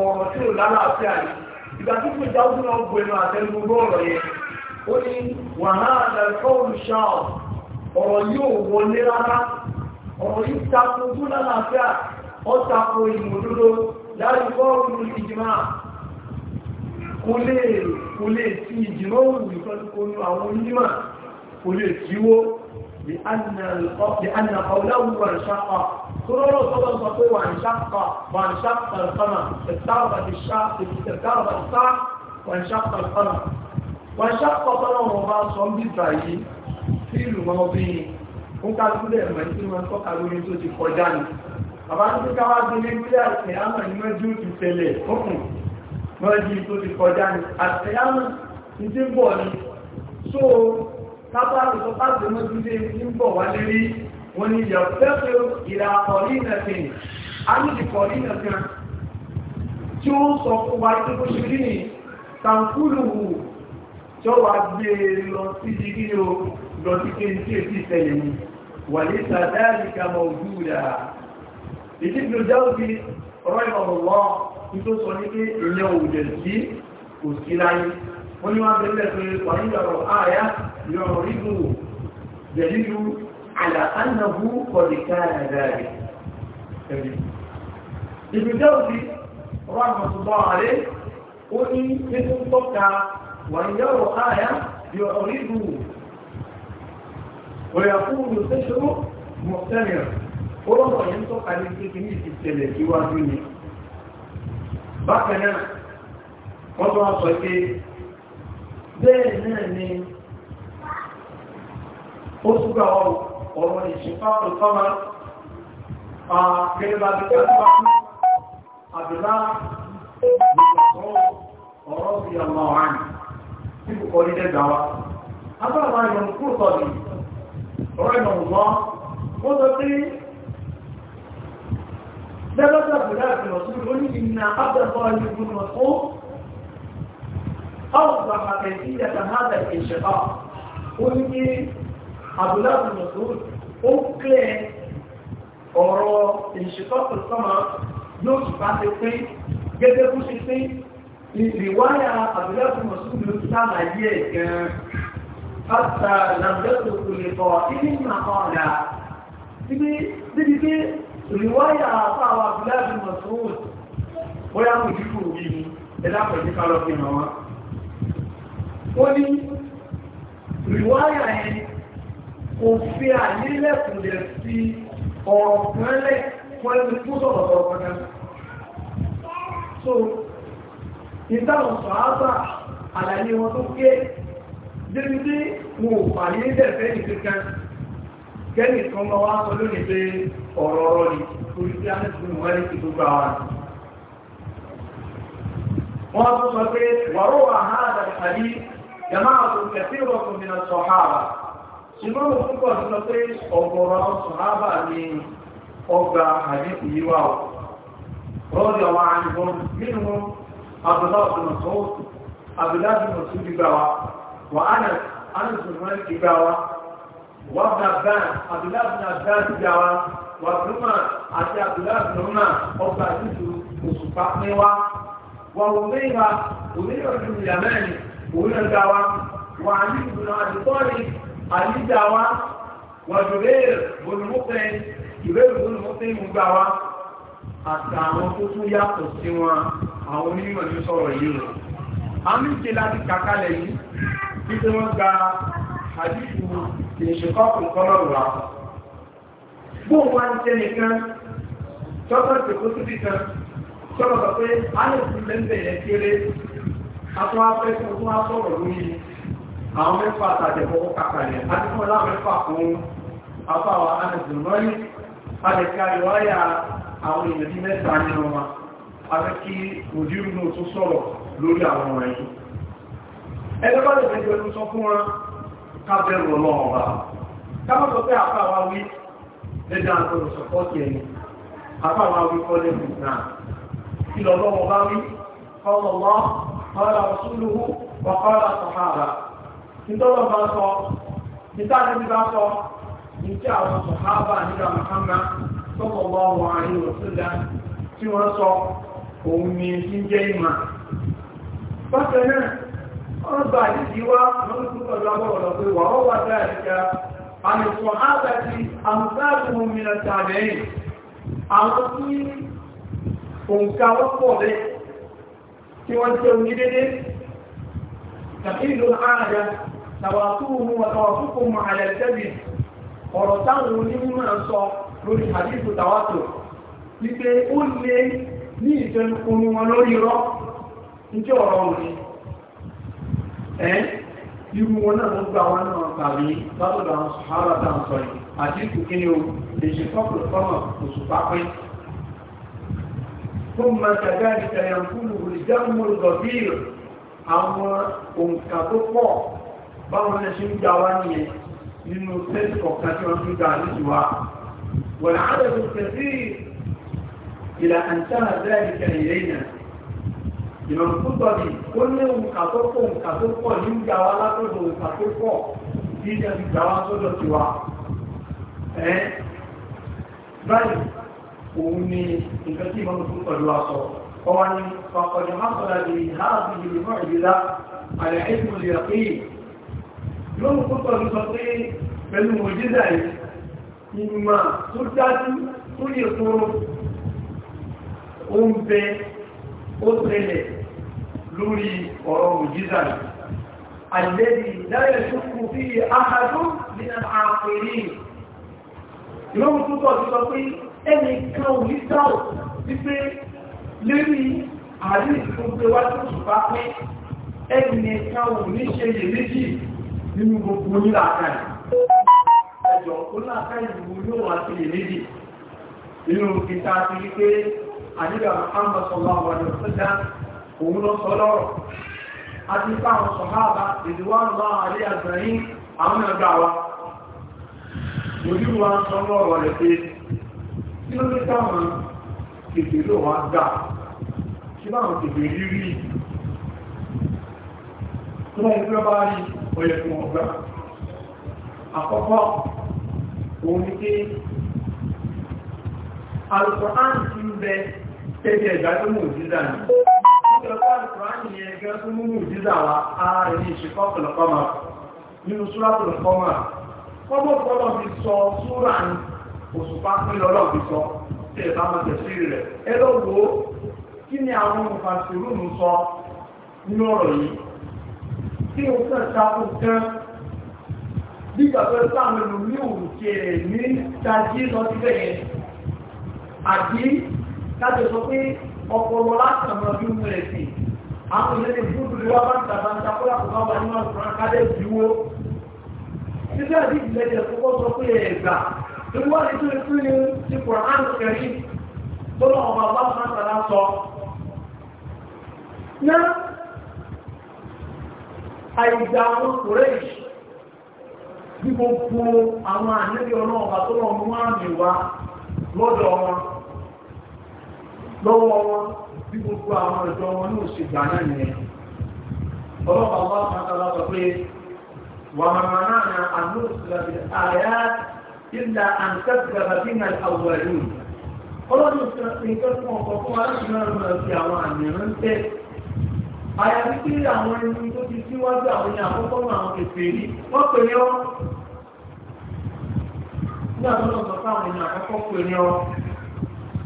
S1: ọ̀rọ̀ tí ò lálàáfíà ni ìgbà tí kò jáwé náà gbẹnu àtẹnugbọ́ ọ̀rọ̀ yẹn ó ní wàhálà ẹ̀kọ́ olùṣàọ̀ ọ̀rọ̀ yóò wọlé rárá ọ̀rọ̀ yìí tako tó lálàáfíà ó tako ìmòdodo láti fọ́ọ̀rù ìjìmá kò lè kò lè tí ìjìmá òun ìfẹ́lúkọ́nù àwọn onímọ̀ kò lè tíwó bí anna ọ̀láwù wà ń ṣápa tó rọ́rọ̀ sọ́dọ̀ sọ pé wà ń ṣápa wà ń ṣápa lọ́nà ẹ̀tàwà ti ṣá ẹ̀tàwà wà ń ṣápa lọ́nà wà ń ṣápa lọ́nà fíìlù mọ́ bí ó kálukú dẹ̀ mọ̀ tí wọ́n tọ́ka lórí tó ti kọjá ni bàbá tó káwá bí ní bí àti àmọ̀ ní mọ́jú ti tẹ̀lẹ̀ ọkùn mọ́jú tó ti kọjá ni àti àmọ̀ ní ti ń bọ̀ ni so tábàlù tó bá gbé mọ́jú dé ní ń bọ̀ wá lérí wọn ni yẹ fẹ́fẹ́ ìlà ọ̀rí ìnàfin àmì ọ̀rí ìnàfin tí ó sọ fún wa tó wà gbé e lọ sí ìdí lọ sí kí n tí èsì ìtẹ̀lẹ̀ mi wà ní sàdáàlìkà mọ̀ ojú rà ìdíkùn jáwọ́bí ọ̀rọ̀ ìrọ̀lọ́ tó sọ ní pé èèyàn ò jẹ̀ sí kò sí láyé wọ́n ní wọ́n bẹ̀rẹ̀ pé pàríyàrọ̀ ààyá wà ní ààyá yọ̀rọ̀ rígbò ويقول البشر مؤتمرا وربما ينطق عن التكنيك الثلاثي وعدوني بكنا وضع صيتي بيناني أصبع وهو انشقاق القمر كلمة بكلمة عبد الله بن رضي الله عنه في بقول الدعوة هذا ما ينقل طبيعي ọ̀rẹ́ nàmùgbọ́ wọ́n sọ pé lẹ́lọ́dà bùdá àti ọ̀sùn ló ní ìnà àbẹ̀bọ̀ ìlú ọ̀sùn ọ̀gbà àtẹ̀sí ìjẹta náà ìṣẹ̀bá ó ní kí àbúlá ọ̀sùn ó kílẹ̀ ọ̀rọ̀ ìṣẹ̀kọ́ pẹ̀sọ́mà yóò sì bá ti pín gẹ́gẹ́ bó ẹ̀ gan pátá làbẹ́kùn kò lè kọ́ ibi mà ọ̀dà síbi pé rìwáyà fáwọn abúláàbí mọ̀sùn bóyá kò dínkù bí ẹ̀dá pẹ̀lú kálọ̀ fi hàn wá. ó ní rìwáyà yẹn kò fi àyílẹ̀kùn lẹ̀ sí ọ̀rọ̀ kan fún ẹni tó sọ̀rọ̀ sọ̀rọ̀ kan so ìtàwọn sọ̀rọ̀ àbà àlàyé wọn tó ké débi tí mo fàyè dẹ̀fẹ́ nìkankan kẹ́ni kan máa wá sọ lónìí pé ọ̀rọ̀ ọ̀rọ̀ ni orí tí a ní sùn wọ́n ní ìlú gbà wá. wọ́n tún sọ pé wàró wà há àdàkàdì yàmá àtún kẹfì عنهم منهم عبد الله بن مسعود عبد وأنس أنس بن مالك جاوة وابن عباس عبد الله بن عباس جاوة وابن عمر أتي عبد الله بن عمر أبا يوسف وسبحان الله وأميرة أميرة بن اليماني أميرة جاوة وعلي بن أبي طالب علي جاوة وجبير بن مطعم جبير بن مطعم جاوة àtàwọn tó tún yàtọ̀ sí wọn àwọn onímọ̀ ní sọ̀rọ̀ yìí rẹ̀. a ní ṣe láti kàkálẹ̀ yìí títí wọ́n gba àdìsù ìṣèkọ́kùn kọ́lọ́rùn wa. Bóun wá ní jẹ́ nìkan, tọ́tọ́ ìṣèkó síbi kan, tọ́lọ̀ sọ pé a lè fi lẹ́ńdẹ̀ yẹn kéré, atọ́ afẹ́ fún fún asọ̀rọ̀ lórí àwọn mẹ́fà àtàjẹ̀kọ́kọ́ kàkàlẹ̀, àti fún ọlá mẹ́fà fún afáwà àdìsù lọ́yìn, a lè ka ìwáyà àwọn èèyàn bí mẹ́ta nínú wa, a fẹ́ kí òdìrú náà tún sọ̀rọ̀ lórí àwọn ọ̀rẹ́ yìí ẹgbẹ́ lè fẹ́ sọ fún wọn kábẹ̀rù ọlọ́run wa pé àpá wí lẹ́jà àtọ́rọ̀ sọpọ́tì ẹni àpá wí kọ́ lẹ́kùn náà wọ́n gba àdìsí wá lórí púpọ̀ lọ́wọ́ pé wà ó wà dáadìíká àmì fún àgbàtí àmúsáàdùn mìíràn tàbẹ̀yìn àwọn tí òǹkà wọ́pọ̀ rẹ̀ tí wọ́n jẹ́ onídédé tàbílò ààrẹ tàwàtúhùn wàtàwàtúkùn ààrẹ tẹ́bì ọ̀rọ̀ táwọn onímọ̀ sọ lórí àdìsù tàwàtò wípé ó lé ní ìjẹnukunu wọn lórí rọ́ ẹ́ irú wọn náà ń gba wọn náà tàbí látọ̀dọ̀ àwọn sùhárà tá à ń sọ yìí àti ìtùkí ni o lè ṣe kọ́pùlù fọ́nà oṣù pápẹ́ tó máa ṣàgbá ìṣẹ̀lẹ̀ àǹkúlù ìjámọ̀ lọ́bíìr àwọn òǹkà tó pọ̀ báwọn náà ṣe ń gba wá ìrọ̀rùn tó tọ́ ni ó lé òǹkà tó pọ̀ òǹkà tó pọ̀ ní ìjà wa látọ̀dọ̀ òǹkà tó pọ̀ kí ìjà ti gbà wá sọ́dọ̀ sí wa. báyìí òun ni nǹkan tí ìmọ̀ tó pẹ̀lú wa sọ ọwọ́ ni pàpọ̀jọ má sọ̀rọ̀ di láàbí ìlú ó tẹ́lẹ̀ lórí ọ̀rọ̀ òjíza àlẹ́bí láyẹ̀ ṣúkú bí ahàdó nínú àpèrí ìlọ́rù túbọ̀ ti sọ pé ẹni kan ò ní sáò wípé lérí àárín ìfúnpé wá tó ṣùgbá pé ẹni kan ò ní ṣe yè méjì nínú gbogbo nílàkàì ẹjọ́ ó àníbà Muhammad sallallahu alaihi wasallam òun lọ sọ lọ́rọ̀ àti ipá àwọn sọ̀háàbá ìdíwọ́n bá àrí àgbàyìn àwọn ẹgbà wa ojú wa ń sọ lọ́rọ̀ rẹ̀ pé kí ló dé táwọn kèfè ló wá gbà tẹ́jẹ́ ìgbàgbé mú òjíza ní ìjọba ìkùránì yẹn gẹ́ tó mú òjíza wa ààrẹ ní ìṣẹ́kọ́ pẹ̀lọ̀kọ́mà nínú súrà pẹ̀lọ̀kọ́mà kọ́mọ̀kọ́mọ̀ fi sọ súrà ní òṣùpá pínlọ́lọ́ fi sọ tẹ́ ẹ̀bá mọ́ tẹ̀sí rẹ̀ ẹ lọ wo kí ni àwọn olùfàṣírùnù sọ nínú ọ̀rọ̀ yìí tí ó fẹ́ sáfún gan nígbà tó sáwọn olùmí òun ti ẹ̀ ní tají lọ síbẹ̀ yẹn àbí kájọ sọ pé ọpọlọ láti àmọ́ bí mú rẹ̀ sí àwọn ilé ní fúdù lè wá bá ń tàbá ń takọ́lá kò bá wà nínú àkùnrin akádẹ́ ìdíwó síbẹ̀ àti ìdílé jẹ́ kókó sọ pé ẹ̀gbà ìwọ́ nítorí fún ni ti Kùránì kẹrí tó lọ ọmọ bá máa tàbá sọ ná àìgbà àwọn kùrẹ́ẹ̀ṣì bí gbogbo àwọn àníbi ọlọ́ọ̀bà tó lọ mú àmì wá lọ́dọ̀ wọn lọ́wọ́ wọn bí gbogbo àwọn ìjọ wọn ní òṣègbà náà nìyẹn ọlọ́pàá wọn máa tọ́lá sọ pé wà màmá náà na àmúṣìlẹ̀ àyà ìlà àǹtẹ̀sìlẹ̀ bí na àwọ̀lú ọlọ́dún nǹkan fún ọkọ̀ fún aláṣìíràn máa fi àwọn àmì ránṣẹ́ àyàfi kí àwọn ẹni tó ti síwájú àwọn ẹni àkọ́kọ́ mọ àwọn kẹfẹ́ rí wọ́n pè ní ọ́ nígbà tó lọ sọ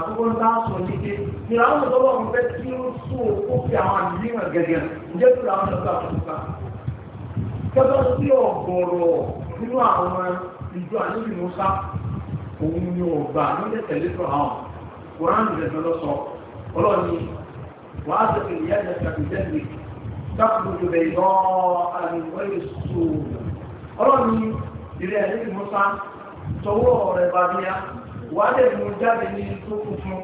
S1: àkókò ń sọ ní pé ìlà àwọn ọ̀dọ́ wọn fẹ́ kí ó sọ ó fi àwọn àdìrí hàn gẹ́gẹ́ ǹjẹ́ tó làwọn ọ̀dọ́ àkókò ká. kẹ́tọ́ sí ọ̀gọ̀rọ̀ nínú àwọn ìjọ àníbi musa òun ni ọ̀gbà nílẹ̀ tẹ̀lé tó àwọn koran ìrẹsẹ̀ lọ sọ ọlọ́ni wàá tẹ̀lé ìyá ìjọba ìjẹ́lì dákùnjù rẹ̀ yọ àlùwẹ̀ ìṣòro wà á lè mú jáde ní ikú funfun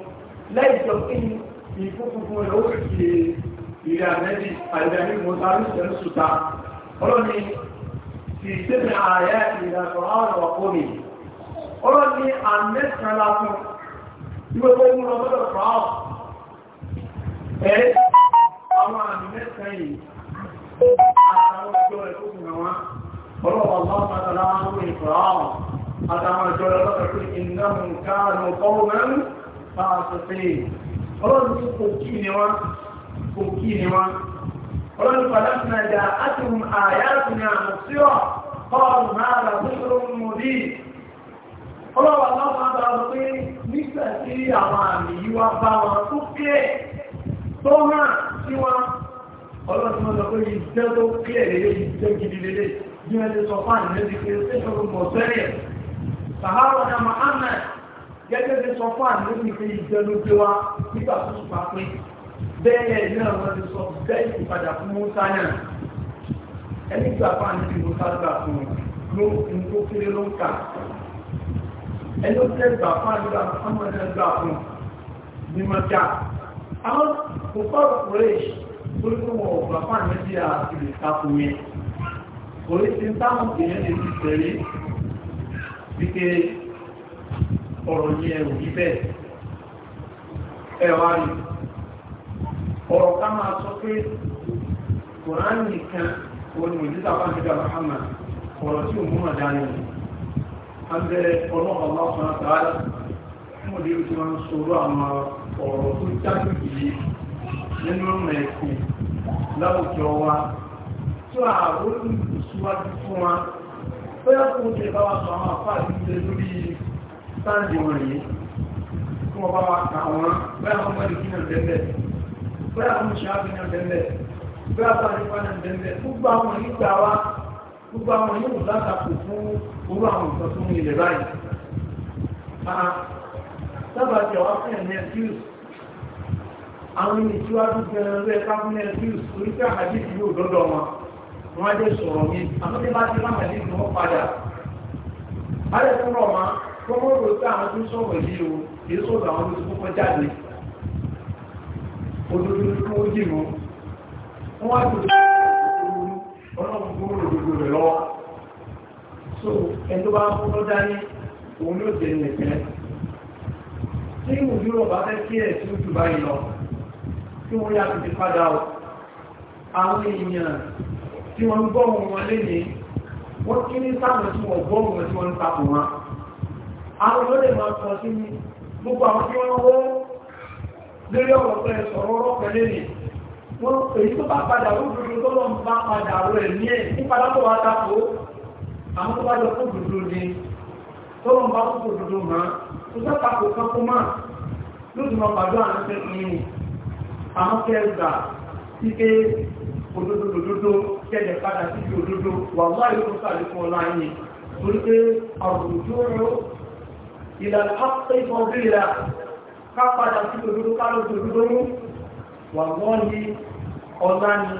S1: lẹ́yìn tó kí ni ikú funfun rẹ̀ ó fi ìrìn àmẹ́lì àìdàmí mọ́tàrí sẹ́nu sùta ọlọ́ni ti sẹ́mi ààrẹ ìrìnàjò àwọn ọ̀pọ̀mì ọlọ́ni àmẹ́sànlá fún ìgbẹ́gbẹ́ mú lọ sọ́dọ̀ fàáọ̀ ẹ̀ àwọn àmì mẹ́sàn yìí àtàwọn ọjọ́ ẹ̀kọ́ fún àwọn ọlọ́wọ́ àtàwọn ìjọ lọ́pàá pé iná mú káànù kọ́wọ́n fàásùfẹ́ ọlọ́run kò kí ni wọ́n kò kí ni wọ́n ọlọ́run padà sí nàìjà àti àyàtúnyà àmùsíọ̀ kọ́ọ̀lù náà làbúrò mú bí lọ́wọ́ bá wọ́n pé nígbà tí àwọn àmì yìí wá bá wọn tó kílẹ̀ tó hàn sí wọn ọlọ́run mọ́ pé ìjẹ́ tó kílẹ̀ lélẹ́ ìjẹ́ gidi lélẹ́ bí wọ́n ti sọ sàhárà náà Muhammad gẹ́gẹ́ bí sọ fún àná nípa ìjẹnugbé wa nígbà tó ti pa pé bẹ́ẹ̀ náà wọ́n ti sọ bẹ́ẹ̀ ti padà fún Musa náà ẹni gbà fún àná nípa Musa gbà fún ló ń tó kéré ló ń kà ẹni ó tẹ́ gbà fún àná nípa Muhammad náà gbà fún ní mọ́jà àwọn kò fọ́ọ̀rọ̀ kúrẹ́ẹ̀ṣì tó ní wọn ò gbà fún àná nípa ìrìnká fún yẹn kò wípé ọ̀rọ̀ ní ẹ̀rù bí bẹ́ẹ̀ rí ọ̀rọ̀ ká máa sọ pé kòránì nìkan òun ni òjútà bá ń gbẹ́gbẹ́ mahama ọ̀rọ̀ tí òun múnà dání ni a ń bẹ ọlọ́run ọlá ọ̀sán àtàrà fún òde tí wọ́n ń sọ̀rọ̀ bóyá kò ṣe bá wa sọ àwọn ṣe lórí wọn yìí kí wọ́n bá bóyá náà bóyá ṣe náà bóyá ṣe náà gbogbo àwọn yìí gbà wá gbogbo àwọn yìí wò látàkù fún owó àwọn nǹkan tó ń ilẹ̀ báyìí. sábà jẹ́ wá fún ẹ̀mí àwọn wọ́n lè sọ̀rọ̀ mi àmọ́ tí bá ti láwọn ẹ̀dí ni padà alẹ́ tó rọ̀ tó mọ́ rò tí àwọn tó sọ̀rọ̀ yìí o kì í sọ̀rọ̀ àwọn tó kọ́kọ́ jáde òdodo tó ó dì mọ́ wọ́n wá tó ọlọ́run tó rò gbogbo rẹ̀ lọ́wọ́ so ẹni tó bá ń fún lọ́dá òun yóò jẹ nìkẹ́ tí ìwòjú rọ̀ bá fẹ́ kí ẹ̀ tí ó jù báyìí lọ kí wọ́n yá ti padà àwọn èèyàn tí wọ́n ń gbọ́hùn wọn lénìí wọ́n kí ní sáwọn tí wọ́n gbọ́hùn wọn tí wọ́n ń tapò wọn àwọn ló lè máa sọ sí ní gbogbo àwọn tí wọ́n wọ́ lórí ọ̀rọ̀ pẹ̀ sọ̀rọ̀ ọ̀rọ̀ pẹ̀ lénìí wọ́n èyí tó bá padà ó dúdú tó lọ́n bá padà rẹ̀ ní ẹ̀ nípa látọ̀ wá tapò àwọn tó bá jọ kó dúdú ni tó lọ́n bá kó dúdú mọ́ tó sọ tapò kan kó má lóòtú máa pàdó àwọn tẹ́ àwọn kẹ́ gbà sí pé tẹ́lẹ̀ padà sí ibi òdodo wà láì ó sàlẹ̀ fún ọlá yìí torí pé àwùjọ ọ̀rọ̀ ìlànà ápẹ́ ìfọ̀n bí ìlà ká padà sí òdodo ká lọ sí òdodo mú wà wọ́n ní ọlá ni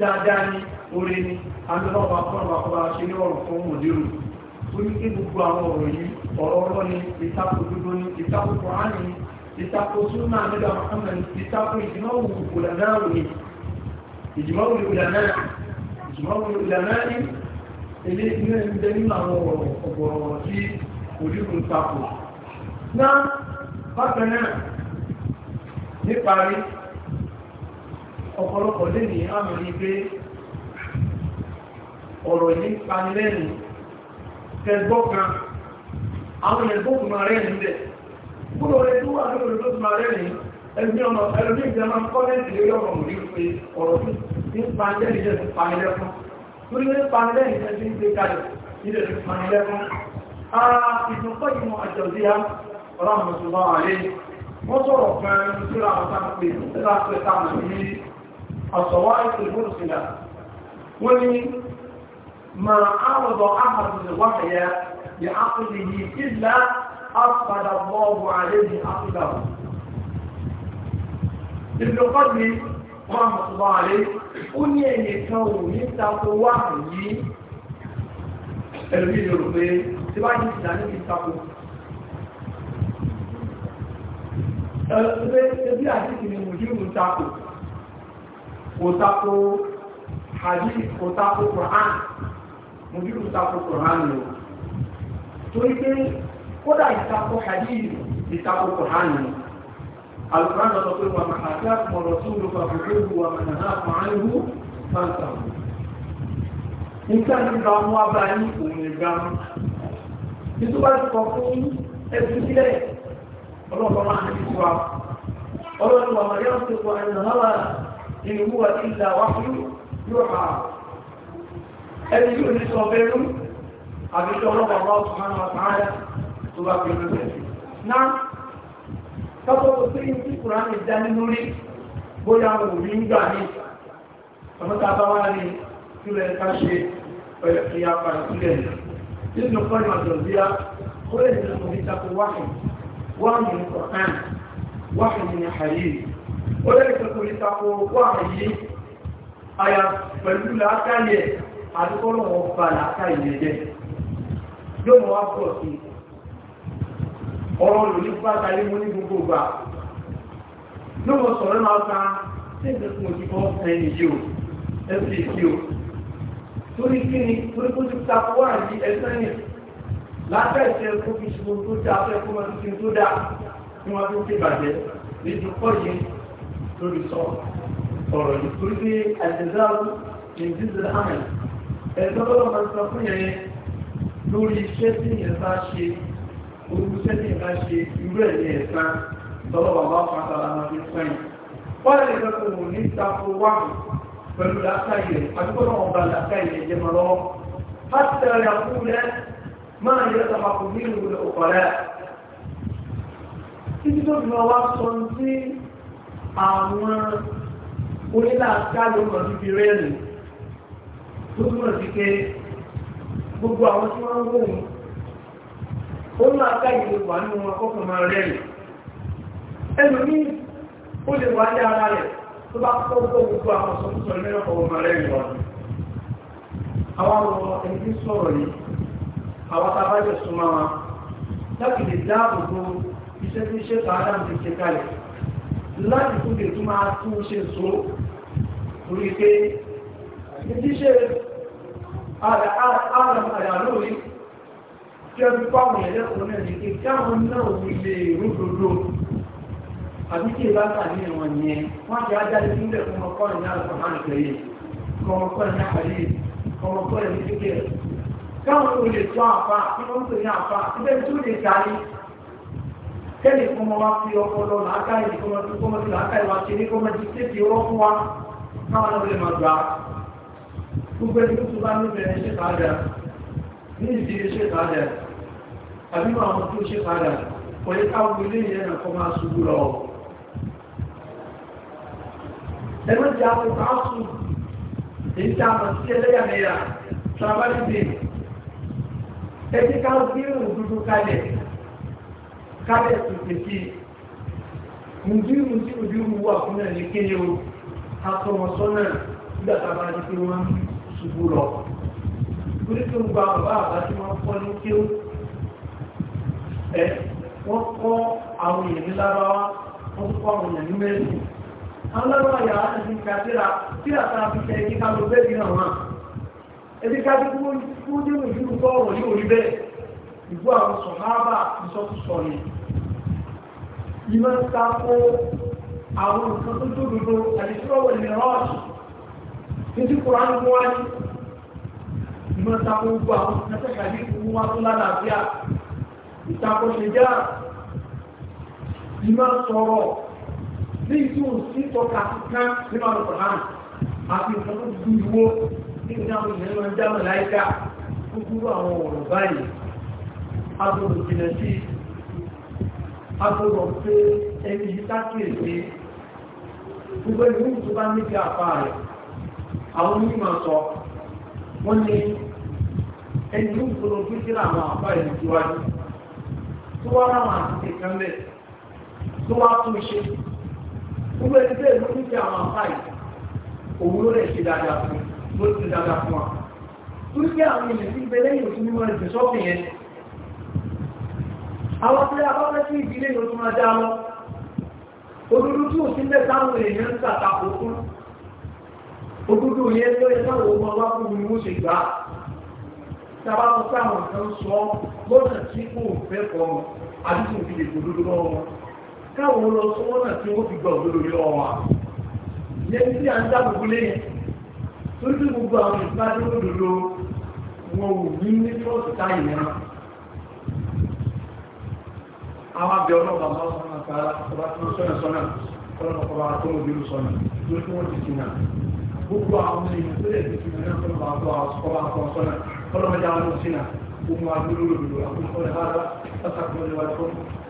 S1: dáadáa ni orí ni àmìlọ́pàá fọ́nàmàkọ́lá ṣe ní ọ̀rọ̀ fún mòdérù ó ní kí gbogbo àwọn ọ̀rọ̀ yìí ọ̀rọ̀ ọ̀rọ̀ ni ìtakò ìjìmọ́wò ìlànà ìjìmọ́wò ìlànà ilé ilé ìgbẹ́ nínú àwọn ọ̀pọ̀rọ̀ tí orígun tapò náà bákan náà níparí ọ̀pọ̀lọpọ̀ lè ní àmì ní pé ọ̀rọ̀ yìí panilẹ́nu tẹgbọ́ kan àwọn ẹ̀gbọ́n tó máa rẹ̀ níbẹ̀ gbọ́dọ̀ rẹ̀ tó wà lórí tó máa rẹ̀ níbẹ̀ ẹbí ọmọ ẹlòmí ìjọba kọ́lẹ́tì lórí ọmọ òní pé ọ̀rọ̀ tó ní pàǹdẹ́lì jẹ́ ti pàǹdẹ́ fún torí ní pàǹdẹ́lì jẹ́ ti ń gbé kalẹ̀ ilẹ̀ ti pàǹdẹ́ fún ara ìtúnkọ́ ìmọ̀ àjọ̀dí ya ọlọ́run tó bá bọ́ọ̀bù àlejò àkùnrin ìlúkọ́bí wọn mọ̀ rẹ̀ ó ní ẹ̀yẹ kan ò ní tako wà yìí ẹ̀lùmí lòrò pé tí wá ní ìdáni ti tako ẹbí àti ìní mùjú ń tako kò tako hajj kò tako Qur'an mùjú ń tako Qur'an torí pé kódà ìtako hajj ìtako Qur'an lò alùpàá sọ pé wà máa àti àpọ̀lọ̀ tó lò fàbùkúrù wà máa náà fún àìhù fáńtà nígbà nígbà wọn bá ní òun ìgbà mú títí bá sọ fún ẹbí sílẹ̀ ọlọ́pàá máa ní ìlú wa ọlọ́pàá wà máa yọ̀ sípò àìnáwà ìlú wa ìlà wà fún yóò hà ẹni yóò ní sọ bẹ́rù àbíṣọ́ ọlọ́pàá wọn sọ hàn wà sáárà tó bá fi rú bẹ́ẹ̀ náà kọ́kọ́ tó pé ní kùránì dání lórí bóyá òun ní gbà ní ọmọta bá wá ní sílẹ̀ ká ṣe ọ̀yọ̀ kí a pa ìpínlẹ̀ nínú kọ́ni àjọ̀bíyá ó lè ní ọmọ níta kó wáhì wáhì ní kọ̀án wáhì ní àyè ó lè ní ọmọ níta kó wáhì yìí àyà pẹ̀lú làákàyè àdúgbò lọ́wọ́ ba jẹ́ yóò mọ̀ wá bọ̀ sí i ọ̀rọ̀ lòdì fún àtàlẹ́ mú ní gbogbo gbà lóòwò sọ̀rọ̀ máa ta ṣé ìgbẹ́ fún ojú kọ́ ẹni yìí o ẹ̀sìn yìí o torí kí ni torí kó ti ta wá àti ẹ̀sẹ̀ ni látẹ̀sẹ̀ kó fi ṣubú tó dá fẹ́ kó máa tuntun tó dá kí wọ́n tó ké bàjẹ́ lójú pọ̀ yìí lórí sọ ọ̀rọ̀ yìí torí pé àtẹ̀sáwó ní dídìlá àmì ẹ̀sọ́ lọ́wọ́ máa sọ fún yẹn lórí iṣẹ́ tí yẹn bá ṣe olùsẹ́ ní ìbá ṣe irú ẹ̀ ní ẹ̀sán tọ́lọ́wà bá fàtàlà máa fi sẹ́yìn wọ́n lè fẹ́ kò ní tako wà pẹ̀lú làákàyè àdúgbò náà wọn bá làákàyè jẹ́ mọ́ lọ́wọ́ fásitì rẹ̀ kú lẹ́ máa yẹ sọ̀rọ̀ kò ní ìlú ọ̀kọ̀rẹ́ títí tó fi wá sọ sí àwọn onílàákàyè ọmọ bíbí rẹ́ẹ̀lì tó túmọ̀ sí pé gbogbo àwọn tí wọ́n ń wò ó máa ká ìlú wà nínú wọn kọ́kọ́ máa rẹ̀rìn ẹnu ní ó lè wà ní ara rẹ̀ tó bá kọ́ gbogbo àwọn sọ́kúsọ mẹ́rẹ̀ ọwọ́ máa rẹ̀rìn wọn àwọn ọmọ ẹni tí sọ̀rọ̀ yìí àwọn tabájọ̀ súnmọ́ wọn láti lè dáàbò bo iṣẹ́ tí ṣe tààdà ti ṣe kalẹ̀ láti tún lè tún máa tún ṣe so orí pé ní tí ṣe àdàlórí tí ó fi fáwọn ẹ̀lẹ́kùn náà ní pé káwọn náà wí lè rúdòdó àbí kí ìbá tà ní ìwọ̀n yẹn wọ́n ti ajáde sí ilẹ̀ fún ọkọ̀rin náà lọ́kọ̀ máa ń tẹ̀lé kọmọkọ̀rin náà pẹ̀lú kọmọkọ̀rin ní kékeré káwọn tó lè tó àfà tí wọ́n tó ní àfà ibẹ̀ tó lè darí kẹ́lẹ̀ kọmọ wa fi ọpọlọ làákàyè kọmọ tó kọmọ tó làákàyè wa ṣe ní kọmọ ti tètè ọwọ́ àbí máa wọn tó ṣe padà pẹ̀lú káwọn ilé ìyẹn náà kọ́ máa ṣubú lọ. ẹgbẹ́ ti àwọn ìta sùn èyí tí a mọ̀ sí ẹlẹ́yàmẹ̀yà travalide ẹbí ká gbé òun dúdú kalẹ̀ kalẹ̀ tètè sí mùdírù tí mùdírù wà fún ẹ̀ ní kéde o akọ̀wọ̀sọ́nà nígbà tá a bá di pé wọ́n ṣubú lọ. Orí tó ń gba bàbá àbá tí wọ́n fọ́ ní kéwòn ẹ́ wọ́n kọ́ àwọn èèyàn lábáwá wọ́n kọ́ àwọn èèyàn ní mẹ́rin àwọn lábáwá yàrá ti fi ka síra síra tá a fi ṣe ẹni ká ló bẹ́ẹ̀ bí náà wọ́n ẹni ká bí kúrò kúrò nínú ìlú kọ́ ọ̀rọ̀ yóò rí bẹ́ẹ̀ ìbú àwọn sọ̀hábà ìsọkúsọ ni ìmọ̀ ń ta kó àwọn nǹkan tó ìtakọ̀ṣẹjá ìmá sọ̀rọ̀ ní ìtú sí tọ́ka kan ní máa lọ́pọ̀ hàn àti ìtọ́kọ̀ dúdú ìwó ní ìdáhùn ìyẹn máa ń dáhùn láìka gbogbo àwọn ọ̀rọ̀ báyìí agbọ̀dọ̀ jìnà sí agbọ̀dọ̀ pé ẹni ìtàkìrì gbogbo ìlú tó bá ní kí àpá rẹ̀ àwọn onímọ̀ sọ wọ́n ní ẹni ìlú tó lọ gbé sílẹ̀ àwọn àpá ìlú síwájú tó wá láwọn àtúnṣe kan bẹ̀ tó wá tún ṣe gbogbo ẹni bẹ́ẹ̀ ló ń jẹ àwọn àfáì òun ló lẹ̀ ṣe dáadáa fún ló ti dáadáa fún wa tó ń jẹ àwọn èèyàn tí ń bẹ lẹ́yìn òtún mímọ́ ẹ̀sìn sọ́ọ̀fì yẹn àwọn tí a bá fẹ́ sí ìdílé yóò tún máa dá lọ òdodo tí ò sí ń táwọn èèyàn ń tàkà òkú òdodo yẹn ló táwọn ọmọ wá fún mi ó ṣe gbà á sábà lọ sáwọn kan sọ lọ́nà tí kò fẹ́ kọ́ wọn àdúgbò fi lè gbòdodo lọ́wọ́ wọn káwọn lọ sọ lọ́nà tí wọ́n fi gbà òdodo lọ́wọ́ wọn yẹn tí à ń dá gbogbo lẹ́yìn torí pé gbogbo àwọn ìpàdé òdodo wọn ò ní ní fọ́ọ̀sì táyì náà àwọn abẹ́ ọlọ́pàá máa ń sọ́nà sára ọba tí wọ́n sọ́nà sọ́nà ọlọ́pàá tó ń bínú sọ́nà lórí wọ́n ti sinà gbogbo àwọn èèyàn tó lè ti sinà náà sọ́nà ọba tó sọ́nà ولما جعل انفسنا قوموا اعملوا له اقول قولي هذا استغفر لي ولكم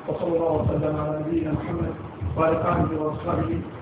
S1: وصلى الله وسلم على نبينا محمد وعلى اله واصحابه